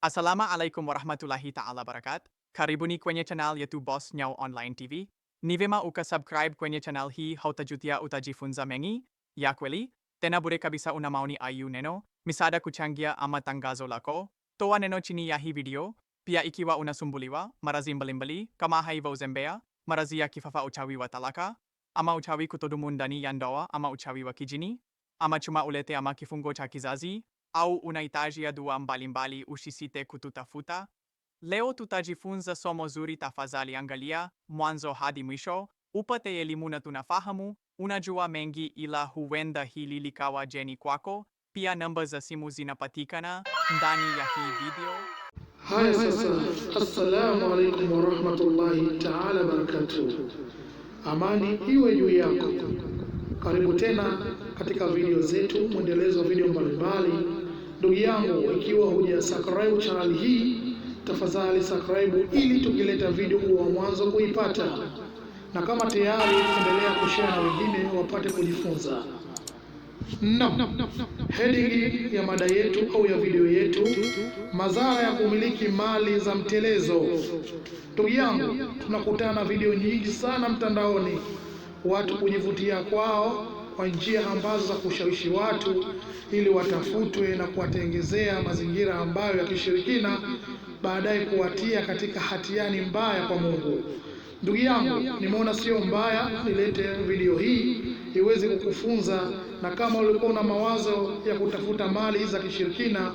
Asalama alaikum warahmatullahi ta'ala barakat. Karibuni kwenye channel yetu Boss Nyao Online TV. Ni vema ukasubscribe kwenye channel hii, hautajutia, utajifunza mengi ya kweli. Tena bure kabisa. Una maoni ayu neno misaada, kuchangia ama tangazo lako, toa neno chini ya hii video. Pia ikiwa unasumbuliwa marazi mbalimbali kama haiva, uzembea, maradhi ya kifafa, uchawi wa talaka ama uchawi kutodumu ndani ya ndoa ama uchawi wa kijini ama chuma ulete ama kifungo cha kizazi au unahitaji ya dua mbalimbali ushisite kututafuta? Leo tutajifunza somo zuri. Tafadhali angalia mwanzo hadi mwisho upate elimu na tunafahamu unajua mengi, ila huenda hili likawa jeni kwako. Pia namba za simu zinapatikana ndani ya hii video. Haya sasa, assalamu alaikum warahmatullahi taala wabarakatuh. Amani iwe juu yako. Karibu tena katika video zetu, mwendelezo wa video mbalimbali Ndugu yangu, ikiwa huja subscribe channel hii, tafadhali subscribe ili tukileta video kwa wa mwanzo kuipata, na kama tayari, endelea kushare na wengine wapate kujifunza. No. heading ya mada yetu au ya video yetu, madhara ya kumiliki mali za mtelezo. Ndugu yangu, tunakutana na video nyingi sana mtandaoni, watu kujivutia kwao kwa njia ambazo za kushawishi watu ili watafutwe na kuwatengezea mazingira ambayo ya kishirikina, baadaye kuwatia katika hatiani mbaya kwa Mungu. Ndugu yangu, nimeona sio mbaya nilete video hii iweze kukufunza, na kama ulikuwa una mawazo ya kutafuta mali za kishirikina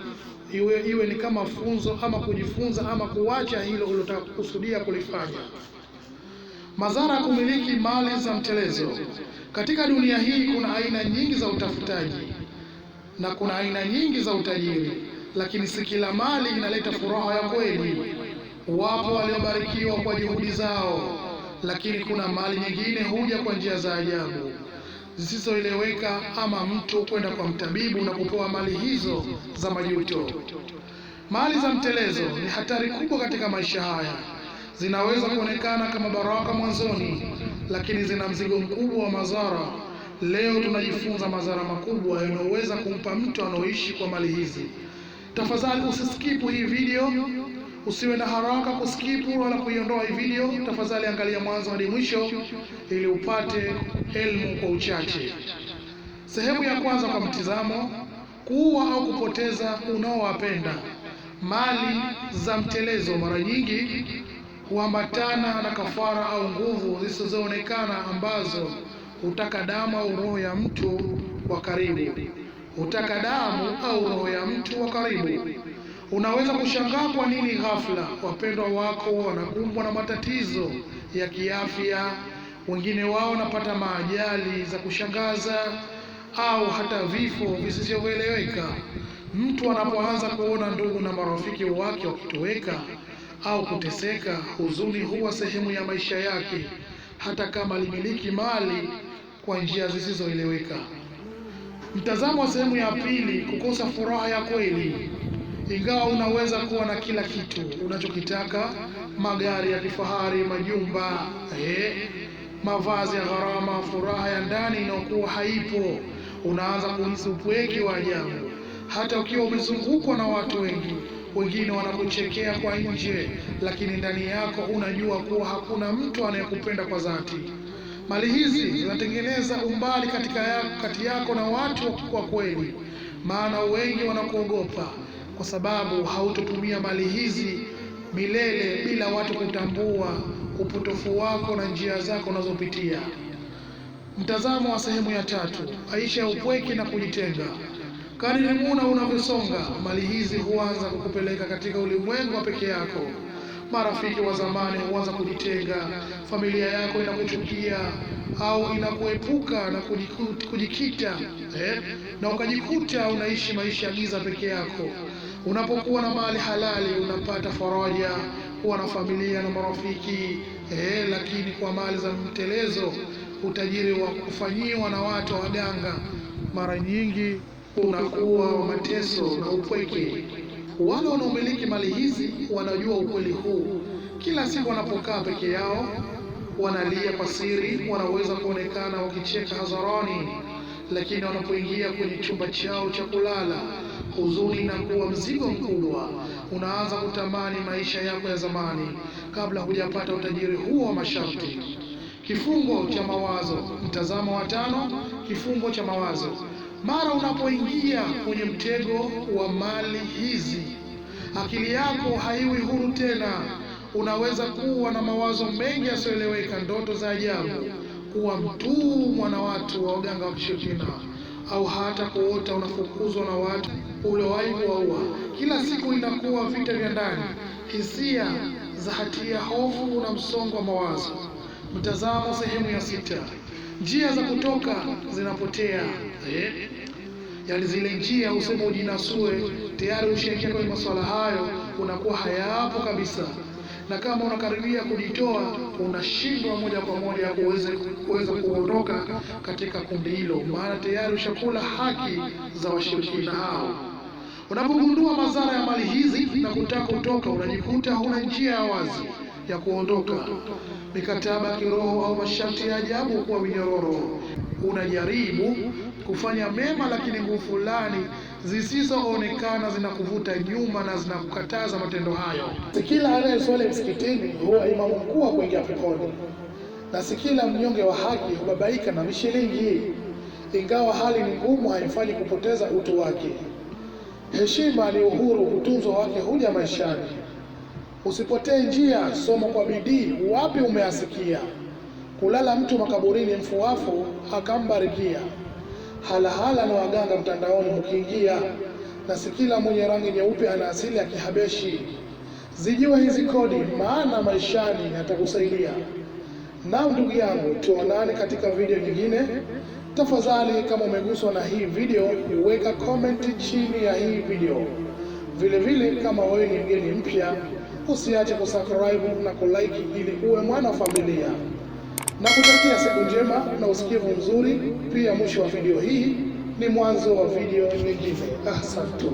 iwe, iwe ni kama funzo ama kujifunza ama kuacha hilo ulotaka kukusudia kulifanya. Madhara ya kumiliki mali za mtelezo. Katika dunia hii kuna aina nyingi za utafutaji na kuna aina nyingi za utajiri, lakini si kila mali inaleta furaha ya kweli. Wapo waliobarikiwa kwa juhudi zao, lakini kuna mali nyingine huja kwa njia za ajabu zisizoeleweka, ama mtu kwenda kwa mtabibu na kupewa mali hizo za majuto. Mali za mtelezo ni hatari kubwa katika maisha haya zinaweza kuonekana kama baraka mwanzoni, lakini zina mzigo mkubwa wa madhara. Leo tunajifunza madhara makubwa yanayoweza kumpa mtu anaoishi kwa mali hizi. Tafadhali usiskipu hii video, usiwe na haraka kuskipu wala kuiondoa hii video. Tafadhali angalia mwanzo hadi mwisho ili upate elimu kwa uchache. Sehemu ya kwanza kwa mtizamo: kuua au kupoteza unaowapenda. Mali za mtelezo mara nyingi huambatana na kafara au nguvu zisizoonekana ambazo hutaka damu au roho ya mtu wa karibu, hutaka damu au roho ya mtu wa karibu. Unaweza kushangaa kwa nini ghafla wapendwa wako wanakumbwa na matatizo ya kiafya, wengine wao wanapata maajali za kushangaza au hata vifo visivyoeleweka. Mtu anapoanza kuona ndugu na marafiki wake wakitoweka au kuteseka, huzuni huwa sehemu ya maisha yake, hata kama alimiliki mali kwa njia zisizoeleweka. Mtazamo wa sehemu ya pili, kukosa furaha ya kweli. Ingawa unaweza kuwa na kila kitu unachokitaka, magari ya kifahari, majumba, eh, mavazi ya gharama, furaha ya ndani inayokuwa haipo, unaanza kuhisi upweke wa ajabu, hata ukiwa umezungukwa na watu wengi wengine wanakuchekea kwa nje, lakini ndani yako unajua kuwa hakuna mtu anayekupenda kwa dhati. Mali hizi zinatengeneza umbali katika yako, kati yako na watu kwa kweli, maana wengi wanakuogopa kwa sababu hautotumia mali hizi milele bila watu kutambua upotofu wako na njia zako unazopitia. Mtazamo wa sehemu ya tatu: Aisha ya upweke na kujitenga. Kadiri muda unavyosonga, mali hizi huanza kukupeleka katika ulimwengu wa peke yako. Marafiki wa zamani huanza kujitenga, familia yako inakuchukia au inakuepuka na kujikita eh, na ukajikuta unaishi maisha ya giza peke yako. Unapokuwa na mali halali unapata faraja, kuwa na familia na marafiki eh, lakini kwa mali za mtelezo, utajiri wa kufanyiwa na watu waganga, mara nyingi unakuwa wa mateso na upweke. Wale wanaomiliki mali hizi wanajua ukweli huu. Kila siku wanapokaa peke yao, wanalia kwa siri. Wanaweza kuonekana wakicheka hadharani, lakini wanapoingia kwenye chumba chao cha kulala, huzuni inakuwa mzigo mkubwa. Unaanza kutamani maisha yako ya zamani kabla hujapata utajiri huo wa masharti. Kifungo cha mawazo, mtazamo wa tano, kifungo cha mawazo. Mara unapoingia kwenye mtego wa mali hizi, akili yako haiwi huru tena. Unaweza kuwa na mawazo mengi yasiyoeleweka, ndoto za ajabu, kuwa mtumwa na watu wa waganga wa kishirikina, au hata kuota unafukuzwa na watu uliowahi kuwaua. Kila siku inakuwa vita vya ndani, hisia za hatia, hofu na msongo wa mawazo. Mtazamo sehemu ya sita njia za kutoka zinapotea eh? Yani zile njia usema ujinasue, tayari ushaingia kwenye masuala hayo unakuwa hayapo kabisa, na kama unakaribia kujitoa unashindwa moja kwa moja kuweza kuondoka katika kundi hilo, maana tayari ushakula haki za washirikina hao. Unapogundua madhara ya mali hizi na kutaka kutoka, unajikuta huna njia ya wazi ya kuondoka, mikataba kiroho au masharti ya ajabu kuwa minyororo. Unajaribu kufanya mema, lakini nguvu fulani zisizoonekana zinakuvuta nyuma na zinakukataza matendo hayo. Si kila anayeswali msikitini huwa imamu mkuu wa kuingia peponi, na si kila mnyonge wa haki hubabaika na mishilingi. Ingawa hali ni ngumu, haifanyi kupoteza utu wake. Heshima ni uhuru, utunzo wake huja maishani. Usipotee njia, somo kwa bidii, wapi umeasikia. Kulala mtu makaburini mfuafu, akambarikia. Halahala na waganga mtandaoni ukiingia, na si kila mwenye rangi nyeupe ana asili ya Kihabeshi. Zijue hizi kodi, maana maishani yatakusaidia. Na ndugu yangu, tuonane katika video nyingine. Tafadhali, kama umeguswa na hii video, weka comment chini ya hii video. Vilevile, kama wewe ni mgeni mpya usiache kusubscribe na kulike ili uwe mwana familia, na kutakia siku njema na usikivu mzuri. Pia mwisho wa video hii ni mwanzo wa video nyingine. Asante.